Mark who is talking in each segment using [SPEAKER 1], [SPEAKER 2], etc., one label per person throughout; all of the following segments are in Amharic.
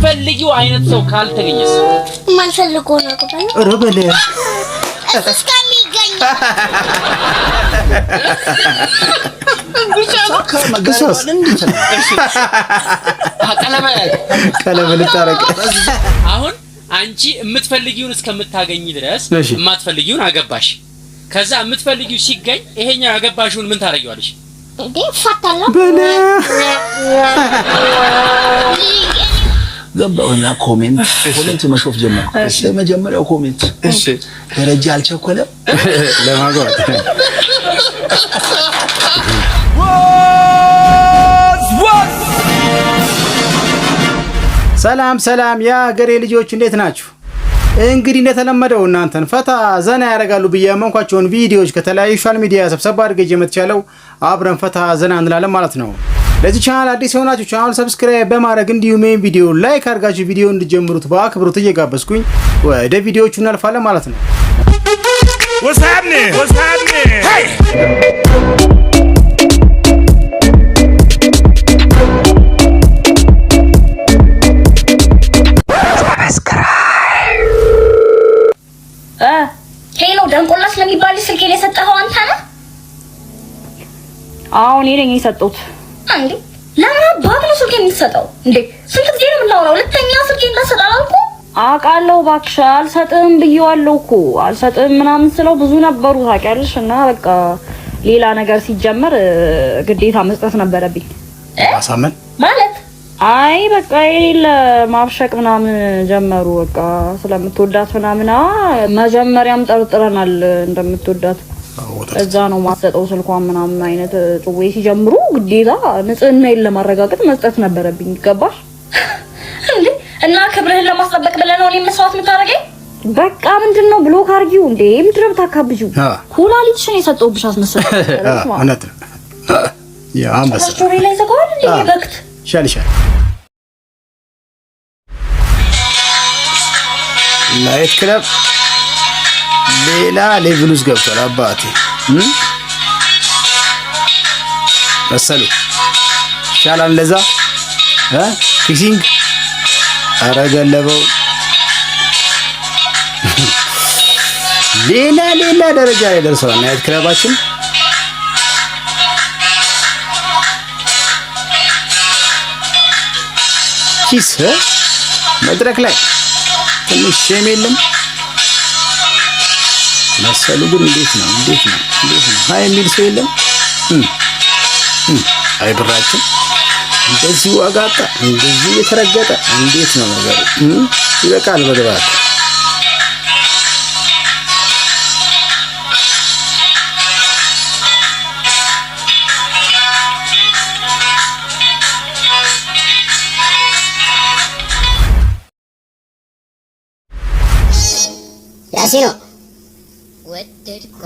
[SPEAKER 1] የምትፈልጊው አይነት ሰው ካልተገኘስ
[SPEAKER 2] የማልፈልገው ነው
[SPEAKER 1] አሁን አንቺ የምትፈልጊውን እስከምታገኝ ድረስ የማትፈልጊውን አገባሽ። ከዛ የምትፈልጊው ሲገኝ ይሄኛው ያገባሽውን ምን ታደርጊዋለሽ?
[SPEAKER 2] እንዴ እፋታለሁ
[SPEAKER 3] ገባሁና ኮሜንት ኮሜንት መሾፍ ጀመርኩ። ለመጀመሪያው ኮሜንት እሺ፣ ደረጃ አልቸኮለም ለማግባት ሰላም ሰላም፣ የአገሬ ልጆች እንዴት ናችሁ? እንግዲህ እንደተለመደው እናንተን ፈታ ዘና ያደርጋሉ ብዬ ያመንኳቸውን ቪዲዮዎች ከተለያዩ ሶሻል ሚዲያ ሰብሰባ አድርጌ መጥቻለሁ። አብረን ፈታ ዘና እንላለን ማለት ነው። ለዚህ ቻናል አዲስ የሆናችሁ ቻናል ሰብስክራይብ በማድረግ እንዲሁም ይህን ቪዲዮ ላይክ አድርጋችሁ ቪዲዮ እንድጀምሩት በአክብሮት እየጋበዝኩኝ ወደ ቪዲዮቹ እናልፋለን ማለት ነው።
[SPEAKER 2] ሄሎ ደንቆላስ ለሚባል ስልክ የሰጠኸው አንተ ነህ?
[SPEAKER 4] አዎ እኔ ነኝ የሰጠሁት።
[SPEAKER 2] እንዴ ለምን አባት ነው ስልክ የምትሰጠው እንዴ? ስንት ጊዜ ነው የምናወራው? ሁለተኛ ስልክ እንዳሰጥ አላልኩም።
[SPEAKER 4] አውቃለሁ እባክሽ፣ አልሰጥም ብዬዋለሁ እኮ አልሰጥም ምናምን ስለው ብዙ ነበሩ ታውቂያለሽ። እና በቃ ሌላ ነገር ሲጀመር ግዴታ መስጠት ነበረብኝ።
[SPEAKER 3] ማሳመን
[SPEAKER 2] ማለት
[SPEAKER 4] አይ በቃ የሌለ ማብሸቅ ምናምን ጀመሩ። በቃ ስለምትወዳት ምናምና መጀመሪያም ጠርጥረናል እንደምትወዳት እዛ ነው ማሰጠው ስልኳን ምናምን አይነት ጽዌ ሲጀምሩ ግዴታ ንጽህናዬን ለማረጋገጥ መስጠት ነበረብኝ። ይገባል
[SPEAKER 2] እንዴ? እና ክብርህን ለማስጠበቅ ብለህ ነው እኔን መስዋዕት የምታደርገኝ?
[SPEAKER 4] በቃ ምንድን ነው ብሎክ አድርጊው እንዴ! ምንድን ነው የምታካብጂው? ኩላሊትሽን የሰጠሁብሽ አስመሰል
[SPEAKER 3] እውነት ነው።
[SPEAKER 2] ስቶሪ ላይ ዘጋዋል በክት
[SPEAKER 3] ይሻል ናይት ክለብ ሌላ ሌቭል ውስጥ ገብቷል። አባቴ መሰሉ ይሻላል። ለዛ ፊክሲንግ አረገለበው ሌላ ሌላ ደረጃ ላይ ደርሰዋል። ናይት ክለባችን ኪስ መድረክ ላይ ትንሽ ሼም የለም። መሰሉ ግን እንዴት ነው? እንዴት ነው? እንዴት ነው? ሀይ የሚል ሰው የለም። አይብራችን እንደዚህ ዋጋ አጣ፣ እንደዚህ የተረገጠ እንዴት ነው ነገሩ? ይበቃል በግባት
[SPEAKER 5] ያሲ ነው መዝግብ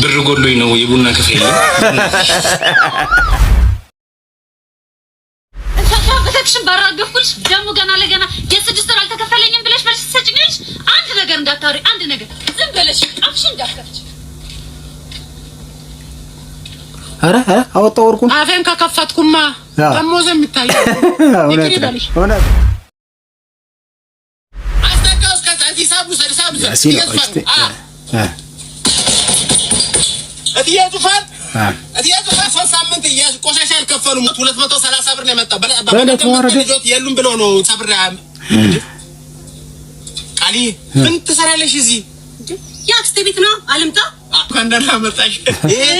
[SPEAKER 3] ብር ጎሎኝ ነው የቡና ክፍል ሰዎችን
[SPEAKER 2] ባራገፍኩልሽ ደግሞ ገና ለገና የስድስት ወር አልተከፈለኝም ብለሽ መልስ ትሰጭኛለሽ። አንድ ነገር እንዳታወሪ፣ አንድ ነገር ዝም በለሽ አፍሽ እንዳከፍች
[SPEAKER 3] ኧረ ኧረ አወጣው ወርቁን
[SPEAKER 2] አፌን ከከፈትኩማ ደሞዝ የሚታየው
[SPEAKER 1] ሶስት ሳምንት ቆሻሻ አልከፈሉም። ሁለት መቶ ሰላሳ ብር ነው የመጣው። ልጆች የሉም ብሎ ነው ሰብር ቃሊ ምን ትሰራለሽ እዚህ?
[SPEAKER 2] የአክስቴ ቤት ነው አልምጣ
[SPEAKER 1] ከእንደና መጣሽ።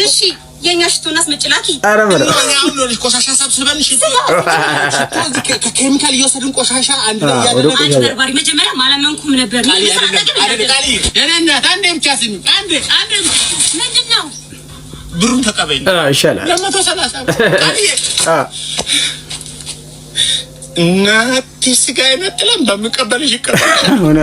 [SPEAKER 2] እሺ የኛ ሽቶ እናስመጭላኪ
[SPEAKER 1] ቆሻሻ ኬሚካል ከኬሚካል እየወሰድን ቆሻሻ አንድ
[SPEAKER 2] በርባሪ መጀመሪያ ማላመንኩም ነበር።
[SPEAKER 1] ብሩን ተቀበይ በምቀበልሽ ይቀበል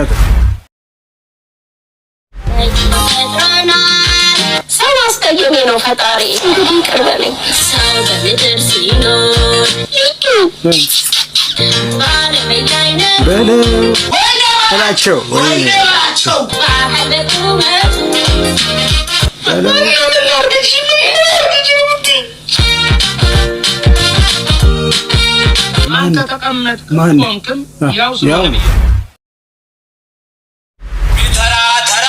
[SPEAKER 2] አስቀይሜ ነው ፈጣሪ እንግዲህ ይቅር በለኝ።
[SPEAKER 1] ተራ ተራ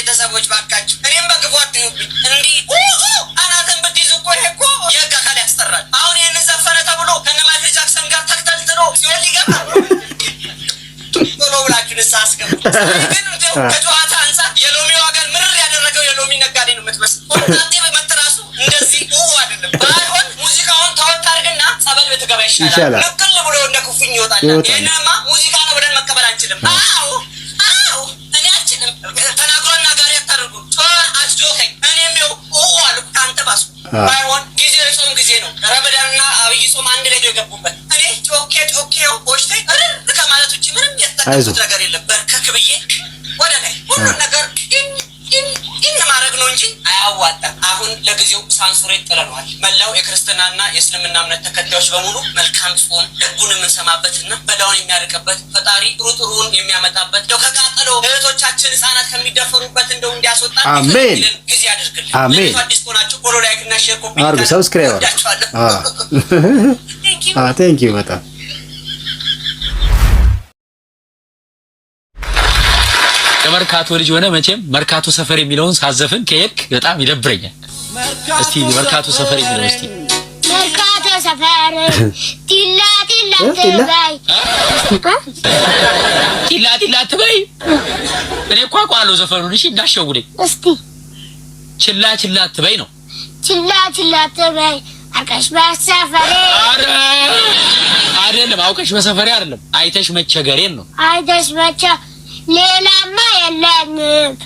[SPEAKER 1] ቤተሰቦች ባካችሁ እኔም በግቡ አትዩብኝ። እንዲህ አናትን ብትይዙ እኮ ይሄ እኮ የህግ አካል ያስጠራል። አሁን ይህን ዘፈነ ተብሎ ከነ ማይክል ጃክሰን ጋር ተክተልትሎ ሲሆን ሊገባ ቶሎ ብላችሁ ንስ አስገቡ። ግን ከጨዋታ አንጻር የሎሚ ዋጋን ምርር ያደረገው የሎሚ ነጋዴ ነው የምትመስል ወጣቴ በመትራሱ እንደዚህ አይደለም። ባይሆን ሙዚቃውን ታወጣ አድርግና ጸበል ብትገባ ይሻላል። ምቅል ብሎ እንደ ነክፉኝ ይወጣል። ይህንማ ሙዚቃ ነው ብለን መቀበል አንችልም። ባይሆን ጊዜ የጾም ጊዜ ነው። ረመዳንና አብይ ጾም አንድ ላይ ነው የገቡበት። እኔ ጮኬ ጮኬ ዎችቴ ርር ከማለት ውጭ ምንም የተጠቀምኩት ነገር የለም። ለጊዜው ሳንሱሬት ይጠለሏል። መላው የክርስትናና የእስልምና እምነት ተከታዮች በሙሉ መልካም ጾም ህጉን የምንሰማበትና በላውን የሚያርቅበት ፈጣሪ ጥሩ ጥሩውን የሚያመጣበት ደው ከቃጠሎ እህቶቻችን ህጻናት ከሚደፈሩበት እንደው እንዲያስወጣ አሜን ጊዜ አድርግልን። አሜን። አዲስ ከሆናችሁ ፎሎ፣ ላይክ እና ሼር
[SPEAKER 3] ኮፒ አድርጉ። ሰብስክራይብ አድርጉ። ቴንክ ዩ በጣም
[SPEAKER 6] የመርካቶ ልጅ ሆነ መቼም መርካቶ ሰፈር የሚለውን ሳዘፍን ከየክ በጣም ይደብረኛል። እስቲ መርካቶ ሰፈር ይዘን እስቲ
[SPEAKER 7] መርካቶ ሰፈር ቲላ ቲላ ትበይ
[SPEAKER 6] ቲላ ቲላ ትበይ። እኔ እኮ አውቀዋለሁ ዘፈኑን። እሺ እንዳሸውልኝ እስቲ ችላ ችላ ትበይ ነው።
[SPEAKER 7] ችላ ችላ ትበይ አውቀሽ በሰፈሬ
[SPEAKER 6] አይደለም። አውቀሽ በሰፈሬ አይደለም። አይተሽ መቸገሬን ነው።
[SPEAKER 7] አይተሽ መቸ ሌላማ የለኝም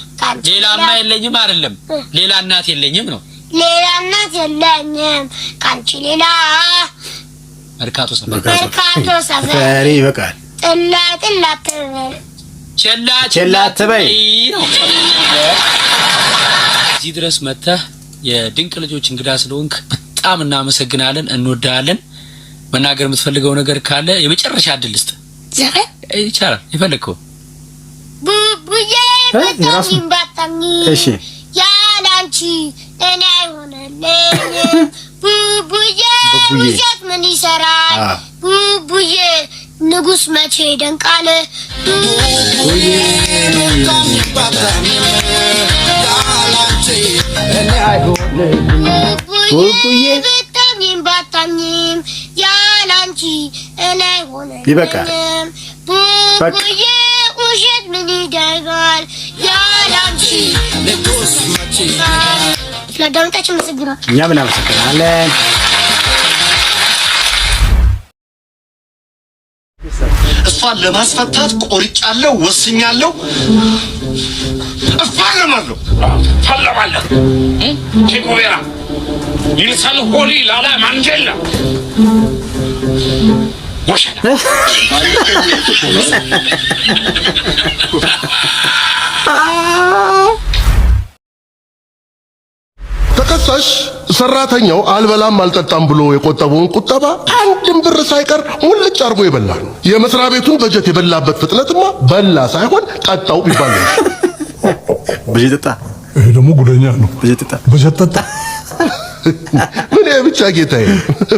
[SPEAKER 6] ሌላማ የለኝም አይደለም። ሌላ እናት የለኝም ነው
[SPEAKER 7] ሌላ እናት የለኝም ከአንቺ ሌላ። መርካቶ ሰፈር ይበቃል። ጥላ ጥላ
[SPEAKER 6] ችላ እዚህ ድረስ መጥተህ የድንቅ ልጆች እንግዳ ስለሆንክ በጣም እናመሰግናለን፣ እንወዳለን። መናገር የምትፈልገው ነገር ካለ የመጨረሻ እድል ልስጥ። ይቻላል የፈለግከው
[SPEAKER 7] ቡዬ
[SPEAKER 3] በጣም ይንባጣኝ
[SPEAKER 7] ያላንቺ እኔ ብዬ ውሸት ምን ይሰራል ብዬ ንጉሥ መቼ ይደንቃል ቡቡዬ ብታምኝም ባታምኝም ያላንቺ እኔ አይሆንም ይበቃል ቡቡዬ ውሸት ምን ይደርጋል ያላንቺ ንጉሥ መቼ
[SPEAKER 2] ስለአዳመጣችሁ መሰግናል።
[SPEAKER 3] እኛም እናመሰግናለን።
[SPEAKER 1] እሷን ለማስፈታት ቆርጫለሁ፣ ወስኛለሁ፣ እፋለማለሁ። ፋለማለሁ ቴኩቤራ ይልሳል ሆሊ ላላ ማንጀላ ወሸላ ከከሳሽ ሰራተኛው አልበላም አልጠጣም ብሎ የቆጠበውን ቁጠባ አንድም ብር ሳይቀር ሙልጭ አድርጎ የበላ ነው። የመስሪያ ቤቱን በጀት የበላበት ፍጥነትማ በላ ሳይሆን ጠጣው ቢባል ነው።
[SPEAKER 3] በጀት ጠጣ።
[SPEAKER 8] ይሄ ደግሞ ጉደኛ ነው። በጀት ጠጣ፣ በጀት ጠጣ።
[SPEAKER 3] ምን ብቻ ጌታዬ፣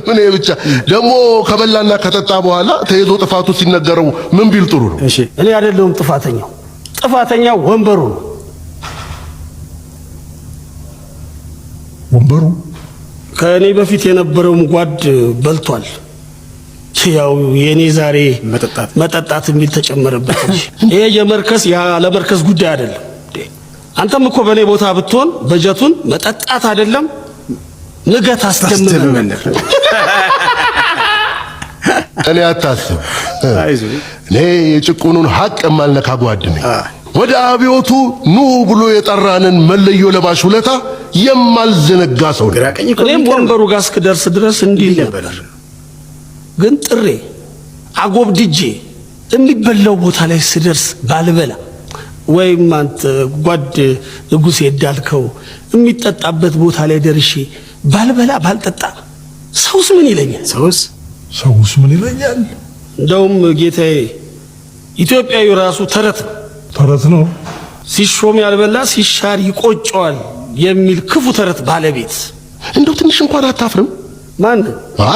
[SPEAKER 3] ምን ብቻ ደግሞ ከበላና ከጠጣ በኋላ ተይዞ ጥፋቱ ሲነገረው ምን ቢል ጥሩ ነው?
[SPEAKER 9] እሺ እኔ አይደለሁም ጥፋተኛው፣ ጥፋተኛው ወንበሩ ነው። ወንበሩ ከእኔ በፊት የነበረውም ጓድ በልቷል። ያው የኔ ዛሬ መጠጣት መጠጣት የሚል ተጨመረበት። ይሄ የመርከስ ያ ለመርከስ ጉዳይ አይደለም። አንተም እኮ በእኔ ቦታ ብትሆን በጀቱን መጠጣት አይደለም ንገት አስደምመን
[SPEAKER 3] እኔ አታስብ። እኔ የጭቁኑን ሀቅ የማልነካ ጓድ ነኝ። ወደ አብዮቱ ኑ ብሎ የጠራንን መለዮ ለባሽ ውለታ የማልዘነጋ ሰው
[SPEAKER 9] ነው። እኔም ወንበሩ ጋር እስክደርስ ድረስ እንዲህ ነበር። ግን ጥሬ አጎብድጄ የሚበላው ቦታ ላይ ስደርስ ባልበላ ወይም አንተ ጓድ ንጉሴ እንዳልከው የሚጠጣበት ቦታ ላይ ደርሼ ባልበላ ባልጠጣ ሰውስ ምን ይለኛል?
[SPEAKER 3] ሰውስ
[SPEAKER 8] ሰውስ ምን ይለኛል?
[SPEAKER 9] እንደውም ጌታዬ ኢትዮጵያዊ ራሱ ተረት ነው ተረት ነው ሲሾም ያልበላ ሲሻር ይቆጨዋል የሚል ክፉ ተረት ባለቤት
[SPEAKER 3] እንደው ትንሽ እንኳን አታፍርም? ማን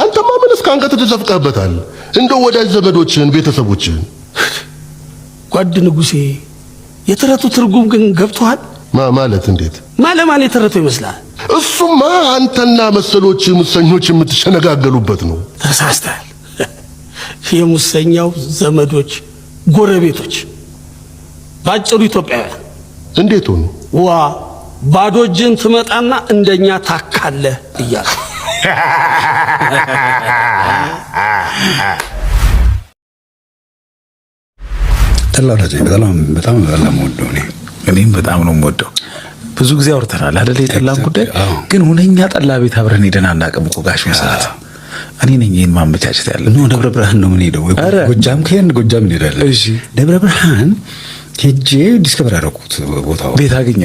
[SPEAKER 3] አንተማ ምን እስከ አንገት ተዘፍቀህበታል። እንደው ወዳጅ ዘመዶችን፣ ቤተሰቦችን
[SPEAKER 9] ጓድ ንጉሴ፣ የተረቱ ትርጉም ግን ገብቶሃል?
[SPEAKER 3] ማ ማለት እንዴት
[SPEAKER 9] ማ ማለ የተረቱ ይመስላል?
[SPEAKER 3] እሱማ አንተና መሰሎች ሙሰኞች የምትሸነጋገሉበት ነው።
[SPEAKER 9] ተሳስተሃል። የሙሰኛው ዘመዶች፣ ጎረቤቶች ባጭሩ ኢትዮጵያውያን እንዴት ሆኑ? ዋ ባዶ እጅን ትመጣና እንደኛ ታካለ እያለ
[SPEAKER 3] ተላላጅ በጣም በጣም በጣም ወደው እኔ
[SPEAKER 6] እኔም በጣም ነው ወደው። ብዙ ጊዜ አውርተናል አይደል? የጠላን ጉዳይ ግን ሁነኛ ጠላ ቤት አብረን ሄደን አናውቅም እኮ ጋሽ መሰረት። እኔ ነኝ ይህን ማመቻቸት ያለ
[SPEAKER 3] ነው። ደብረ ብርሃን ነው ምን ሄደው
[SPEAKER 6] ጎጃም ከሄድን ጎጃም እንሄዳለን። እሺ ደብረ ብርሃን ሄጄ ዲስከቨር ያደረኩት
[SPEAKER 3] ቦታው ቤት አገኘ።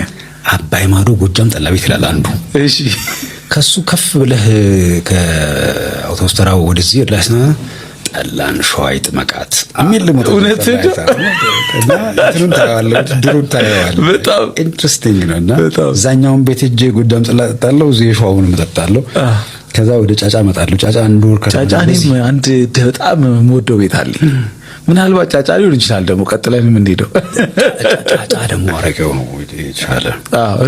[SPEAKER 6] አባይ ማዶ ጎጃም ጠላ ቤት ይላል አንዱ። እሺ ከሱ ከፍ ብለህ ከአውቶቡስ ተራው ወደዚህ ላስና ጠላን ሸዋይጥ መቃት የሚል እውነት ድሩን ታየዋለህ። በጣም ኢንትረስቲንግ ነው። እና እዛኛውን ቤት ሄጄ ጎጃም ጠላ እጠጣለሁ፣ እዚህ የሸዋውን እጠጣለሁ። ከዛ ወደ ጫጫ እመጣለሁ። ጫጫ አንድ ወር
[SPEAKER 3] ከጫጫ እኔም አንድ በጣም የምወደው ቤት አለ ምናልባት ጫጫ ሊሆን ይችላል። ደግሞ ቀጥለን የምንሄደው
[SPEAKER 6] ጫጫ ደግሞ አረገው ነው ይቻለ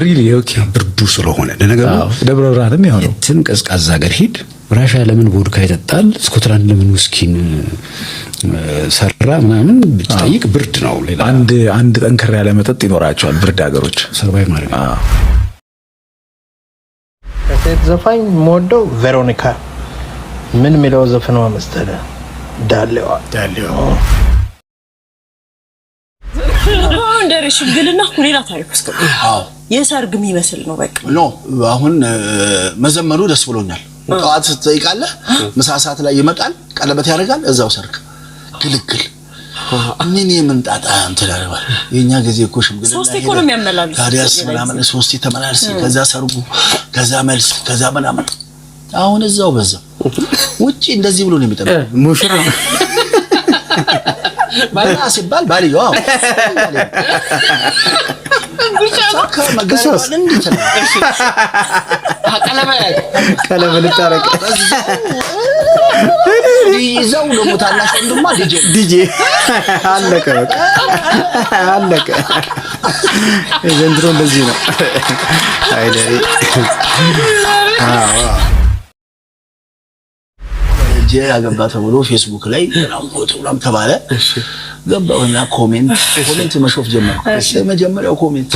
[SPEAKER 6] ሪሊ ኦኬ። ብርዱ ስለሆነ ለነገሩ ደብረ ብርሃንም ያው ነው። ቀዝቃዛ ሀገር ሂድ። ራሻ ለምን ቦድካ ይጠጣል? ስኮትላንድ ለምን ውስኪን ሰራ ምናምን ብትጠይቅ ብርድ ነው። ሌላ
[SPEAKER 3] አንድ አንድ ጠንከር ያለ መጠጥ ይኖራቸዋል ብርድ ሀገሮች
[SPEAKER 6] ሰርቫይቭ ማድረግ
[SPEAKER 10] ከሴት ዘፋኝ የምወደው ቬሮኒካ ምን የሚለው ዘፈኗ መሰለህ
[SPEAKER 2] የሰርግ የሚመስል ነው። በቃ
[SPEAKER 9] ኖ አሁን መዘመሩ ደስ ብሎኛል። ጠዋት ስትጠይቃለህ፣ ምሳ ሰዓት ላይ ይመጣል፣ ቀለበት ያደርጋል፣ እዛው ሰርግ ግልግል ምን የምንጣጣ እንትላልባል ጊዜ እኮ
[SPEAKER 2] ሽምግልና
[SPEAKER 9] ታዲያስ ምናምን ተመላልስ፣ ከዛ ሰርጉ፣ ከዛ መልስ፣ ከዛ ምናምን አሁን እዛው በዛው ውጪ እንደዚህ ብሎ ነው የሚጠብቀው። ሙሽራ ባላ ሲባል ባልየው አዎ ይዘው ደግሞ ወንድማ
[SPEAKER 3] ዲጄ አለቀ አለቀ። ዘንድሮ እንደዚህ ነው። ልጄ አገባ ተብሎ ፌስቡክ ላይ ራንጎት ብላም ተባለ። ገባሁና ኮሜንት ኮሜንት መሾፍ ጀመርኩ። የመጀመሪያው ኮሜንት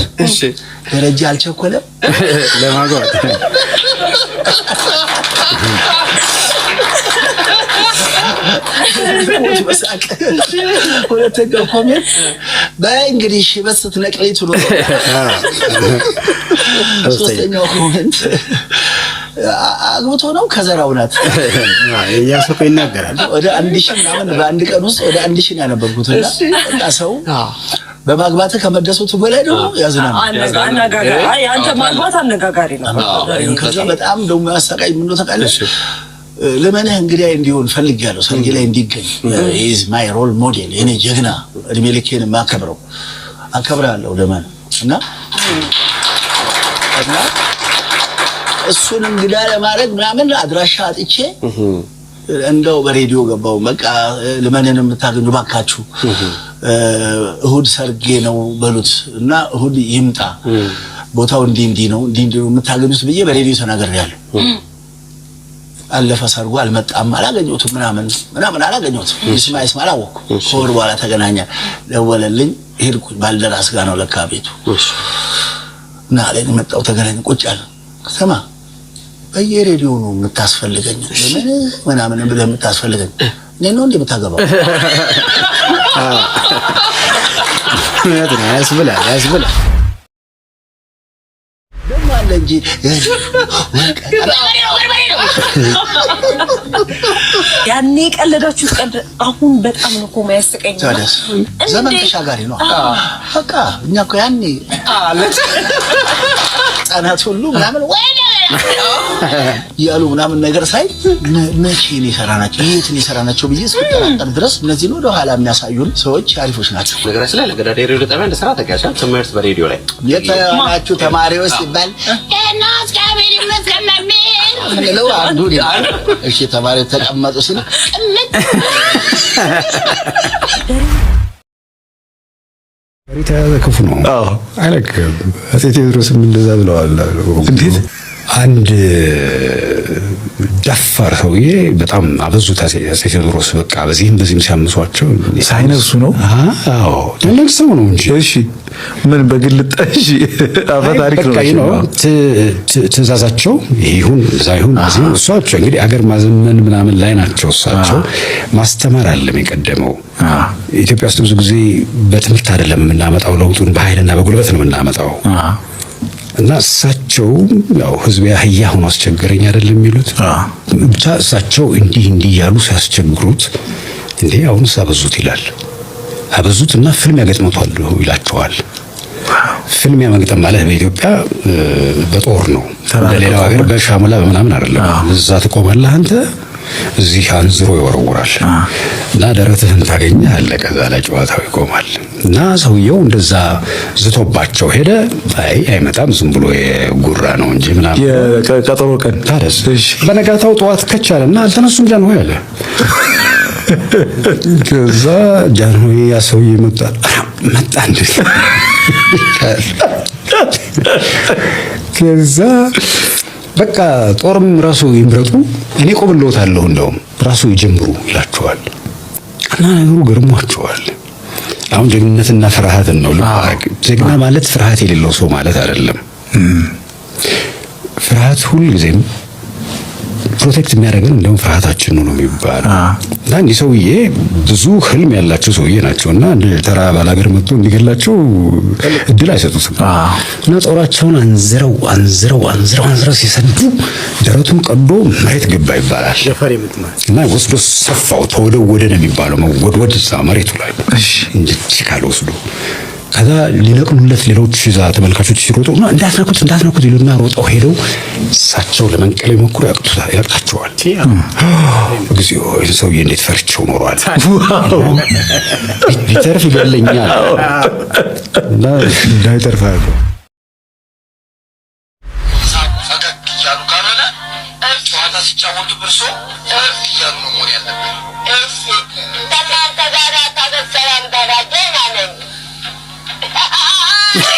[SPEAKER 3] ደረጃ አልቸኮለም ለማግባት ሁለተኛው ኮሜንት በይ እንግዲህ ሽበት ስትነቅለኝ ትሎ ሶስተኛው ኮሜንት አግብቶ ነው ከዘራው ናት እያሰፈ ይናገራል። ወደ አንድ ሺ ምናምን በአንድ ቀን ውስጥ ወደ አንድ ሺ ያነበብኩት ሰው በማግባት ከመደሰቱ በላይ ደግሞ ያዝናል።
[SPEAKER 2] አንተ ማግባት አነጋጋሪ ነው።
[SPEAKER 3] ከዛ በጣም ደግሞ ያሰቃኝ ምን ነው ታውቃለህ? ለመነህ እንግዲህ እንዲሆን ፈልጌያለሁ። ሰርጌ ላይ እንዲገኝ ኢዝ ማይ ሮል ሞዴል የኔ ጀግና፣ እድሜ ልኬን ማከብረው አከብራለሁ ለመን እና እሱን እንግዳ ለማድረግ ምናምን አድራሻ አጥቼ እንደው በሬዲዮ ገባው። በቃ ልመንን የምታገኙ ባካችሁ እሁድ ሰርጌ ነው በሉት እና እሁድ ይምጣ ቦታው እንዲህ እንዲህ ነው እንዲህ እንዲህ ነው የምታገኙት ብዬ በሬዲዮ ተናግሬያለሁ። አለፈ ሰርጎ አልመጣም፣ አላገኘሁትም ምናምን ምናምን አላገኘሁትም። ይስማ ይስማ አላወኩም። ከወር በኋላ ተገናኛ ደወለልኝ። ሄድኩ ባልደራስ ጋር ነው ለካ ቤቱ እና ላይ መጣሁ። ተገናኘን፣ ቁጭ አለ ሰማ በየሬዲዮ ነው የምታስፈልገኝ ምናምን ብለህ የምታስፈልገኝ እኔ ነው እንደ የምታገባው ያስብላል ያስብላል
[SPEAKER 2] ያኔ ቀለዳችሁ ቀልድ አሁን በጣም ነው እኮ የሚያስቀኝ።
[SPEAKER 3] ዘመን ተሻጋሪ ነው። በቃ እኛ እኮ ያኔ ጠናት ሁሉ ምናምን ወይ ያሉ ምናምን ነገር ሳይ መቼ ነው የሰራ ናቸው የት ነው የሰራ ናቸው ብዬ እስክጠራጠር ድረስ እነዚህን ወደ ኋላ የሚያሳዩን ሰዎች አሪፎች ናቸው።
[SPEAKER 6] ነገራችን ላይ ለገዳ ሬዲዮ ጣቢያ እንደ ስራ ተጋሻል ትምህርት በሬዲዮ ላይ
[SPEAKER 3] የተማራችሁ ተማሪዎች ሲባል ለው አንዱ እሺ ተማሪ ተቀመጡ ሲል ተያዘ ክፉ ነው። አይ ቴዎድሮስም እንደዛ ብለዋል። እንዴት አንድ ደፋር ሰውዬ በጣም አበዙት አፄ ቴዎድሮስ በቃ በዚህም በዚህም ሲያምሷቸው
[SPEAKER 6] ሳይነሱ ነው።
[SPEAKER 3] አዎ ደለል ሰው ነው
[SPEAKER 6] እንጂ እሺ፣ ምን በግልጥ እሺ፣ አፈ ታሪክ ነው። ትእዛዛቸው ይሁን እዛ ይሁን እዚህ እሷቸው እንግዲህ አገር ማዘመን ምናምን ላይ ናቸው። እሳቸው ማስተማር አለም የቀደመው ኢትዮጵያ ውስጥ ብዙ ጊዜ በትምህርት አይደለም የምናመጣው ለውጡን፣ በኃይልና በጉልበት ነው የምናመጣው። እና እሳቸው ያው ህዝብ አህያ ሆኖ አስቸገረኝ አይደለም የሚሉት ብቻ እሳቸው እንዲህ እንዲህ እያሉ ሲያስቸግሩት እንዴ አሁንስ አበዙት ይላል። አበዙት እና ፍልሚያ ያገጥመቷል ይላቸዋል። ፍልሚያ መግጠም ማለት በኢትዮጵያ በጦር ነው። በሌላው ሀገር በሻሙላ በምናምን አይደለም። እዛ ትቆማለህ አንተ እዚህ አንዝሮ ይወረውራል እና ደረትህን ታገኛለህ። ከዛ ላይ ጨዋታው ይቆማል እና ሰውየው እንደዛ ዝቶባቸው ሄደ። አይ አይመጣም፣ ዝም ብሎ የጉራ ነው እንጂ
[SPEAKER 3] ምናምን የቀጠሮ ቀን
[SPEAKER 6] ታደስ። በነጋታው ጠዋት እና አልተነሱም ጃንሆይ አለ።
[SPEAKER 3] ከዛ ጃን ሆይ ያ ሰውዬ መጣ መጣ እንዴ ከዛ በቃ ጦርም ራሱ ይምረጡ፣ እኔ ቆብሎታለሁ፣ እንደውም ራሱ ይጀምሩ ይላቸዋል እና ነገሩ ገርሟቸዋል። አሁን ጀግንነትና ፍርሃትን ነው ልባረግ። ጀግና ማለት ፍርሃት የሌለው ሰው ማለት አይደለም። ፍርሃት ሁልጊዜም ፕሮቴክት የሚያደርገን እንደውም ፍርሃታችን ነው ነው የሚባለው። እና እንዲህ ሰውዬ ብዙ ህልም ያላቸው ሰውዬ ናቸው እና ተራ ባላገር መጥቶ እንዲገላቸው እድል አይሰጡትም እና ጦራቸውን አንዝረው አንዝረው አንዝረው አንዝረው ሲሰዱ ደረቱን ቀዶ መሬት ገባ ይባላል እና ወስዶ ሰፋው ተወደወደ ነው የሚባለው መወድወድ እዛ መሬቱ ላይ እንጂ ካለ ወስዶ ከዛ ሊነቅሉለት ሌሎች ዛ ተመልካቾች ሲሮጡ እና እንዳትነኩት እንዳትነኩት ይሉና ሮጠው ሄደው እሳቸው ለመንቀል ይሞክሩ ያቅታቸዋል። እግዚኦ ሰውዬ እንዴት ፈርቸው ኖሯል። ቢተርፍ ይገለኛል እንዳይተርፍ
[SPEAKER 1] ሲጫወቱ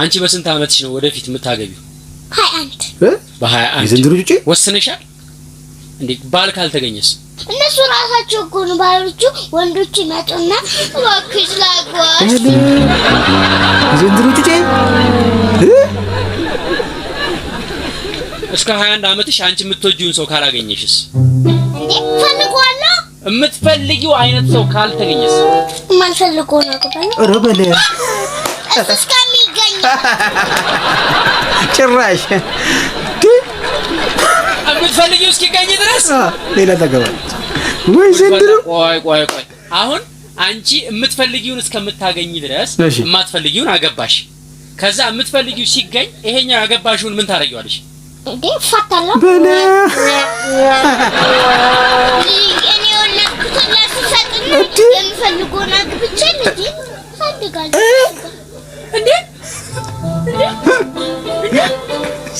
[SPEAKER 1] አንቺ በስንት አመትሽ ነው ወደፊት የምታገቢው? ሀያ አንድ በ21 የዘንድሮ ልጅ ወስነሻል እንዴ? ባል ካልተገኘስ?
[SPEAKER 2] እነሱ ራሳቸው እኮ ነው ባሎቹ። ወንዶች ይመጡና እባክሽ ላግባሽ።
[SPEAKER 3] የዘንድሮ ልጅ እ
[SPEAKER 1] እስከ 21 አመትሽ አንቺ የምትወጂውን ሰው ካላገኘሽስ? የምትፈልጊው አይነት ሰው ካልተገኘስ?
[SPEAKER 2] ማልፈልጎ
[SPEAKER 3] ፈልጎ ነው? ኧረ እስከሚ ጭራሽ
[SPEAKER 1] የምትፈልጊው እስኪገኝ ድረስ
[SPEAKER 3] ሌላ ተገባ ወይ ዘንድሮ። ቆይ
[SPEAKER 1] ቆይ ቆይ፣ አሁን አንቺ የምትፈልጊውን እስከምታገኝ ድረስ የማትፈልጊውን አገባሽ። ከዛ የምትፈልጊው ሲገኝ ይሄኛው ያገባሽውን ምን ታደርጊዋለሽ?
[SPEAKER 2] እንዴ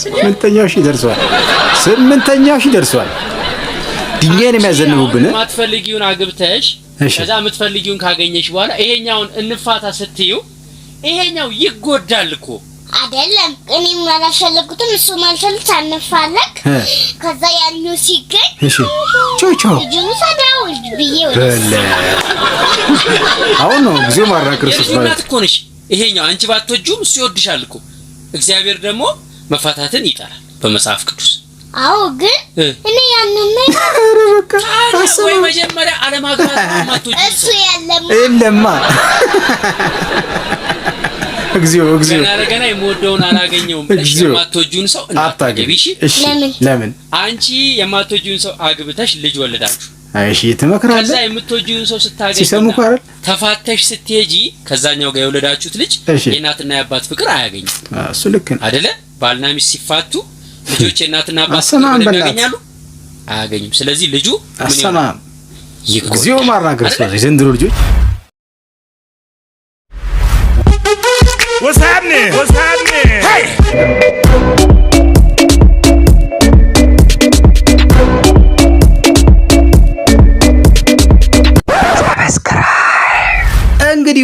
[SPEAKER 3] ስምንተኛው ሺህ ደርሷል። ስምንተኛው ሺህ ደርሷል። ድንጋይን የሚያዘንቡብን
[SPEAKER 1] የማትፈልጊውን አግብተሽ ከዛ የምትፈልጊውን ካገኘሽ በኋላ ይሄኛውን እንፋታ ስትዩ ይሄኛው ይጎዳል እኮ
[SPEAKER 2] አይደለም። እኔም አላሸለኩትም እሱ አልሸልኩት። ሳንፋለግ ከዛ ያኛው ሲገኝ
[SPEAKER 3] ቾቾ አሁን ነው ጊዜው ማራ
[SPEAKER 1] ክርስቶስ ማለት እኮ ነሽ ይሄኛው አንቺ ባትወጂውም እሱ ይወድሻል እኮ። እግዚአብሔር ደግሞ መፋታትን ይጠራል በመጽሐፍ ቅዱስ።
[SPEAKER 2] አዎ ግን እኔ ያንን
[SPEAKER 1] ወይ መጀመሪያ አለማግባት
[SPEAKER 2] ማትወጂው እሱ
[SPEAKER 3] የለማ እግዚኦ እግዚኦ
[SPEAKER 1] ገና የምወደውን አላገኘውም። እሺ የማትወጂውን ሰው አታገቢ። እሺ ለምን አንቺ የማትወጂውን ሰው አግብተሽ ልጅ ወለዳችሁ
[SPEAKER 3] እሺ ትመክራለህ።
[SPEAKER 1] ከዛ የምትወጂውን ሰው ስታገኝ ሲሰሙ አይደል ተፋተሽ ስትሄጂ ከዛኛው ጋር የወለዳችሁት ልጅ የእናትና የአባት ፍቅር አያገኝም። እሱ ልክ ነው አይደለ? ባልና ሚስት ሲፋቱ ልጆች የእናትና
[SPEAKER 3] አባት ፍቅር
[SPEAKER 1] ያገኛሉ? አያገኙም። ስለዚህ ልጁ
[SPEAKER 3] አሰማም ይግዚኦ ማራገር ስለዚህ የዘንድሮ ልጆች
[SPEAKER 1] ወሳኔ ወሳኔ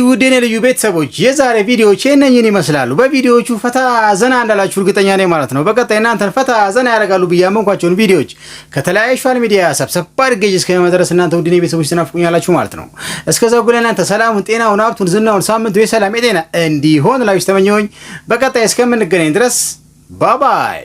[SPEAKER 1] ውዴኔ ልዩ ቤተሰቦች የዛሬ ቪዲዮዎች የእነኝን ይመስላሉ። በቪዲዮዎቹ ፈታ ዘና እንዳላችሁ እርግጠኛ ነኝ ማለት ነው። በቀጣይ እናንተን ፈታ ዘና ያደርጋሉ ብዬ ያመንኳቸውን ቪዲዮዎች ከተለያዩ ሶሻል ሚዲያ ሰብሰብ አድርጌ መድረስ እናንተ ውዴኔ ቤተሰቦች ትናፍቁኛላችሁ ማለት ነው። እስከዛ ጉላ እናንተ ሰላሙን፣ ጤናውን፣ ሀብቱን፣ ዝናውን ሳምንቱ የሰላም የጤና እንዲሆን ላችሁ ተመኘሁኝ። በቀጣይ እስከምንገናኝ ድረስ ባባይ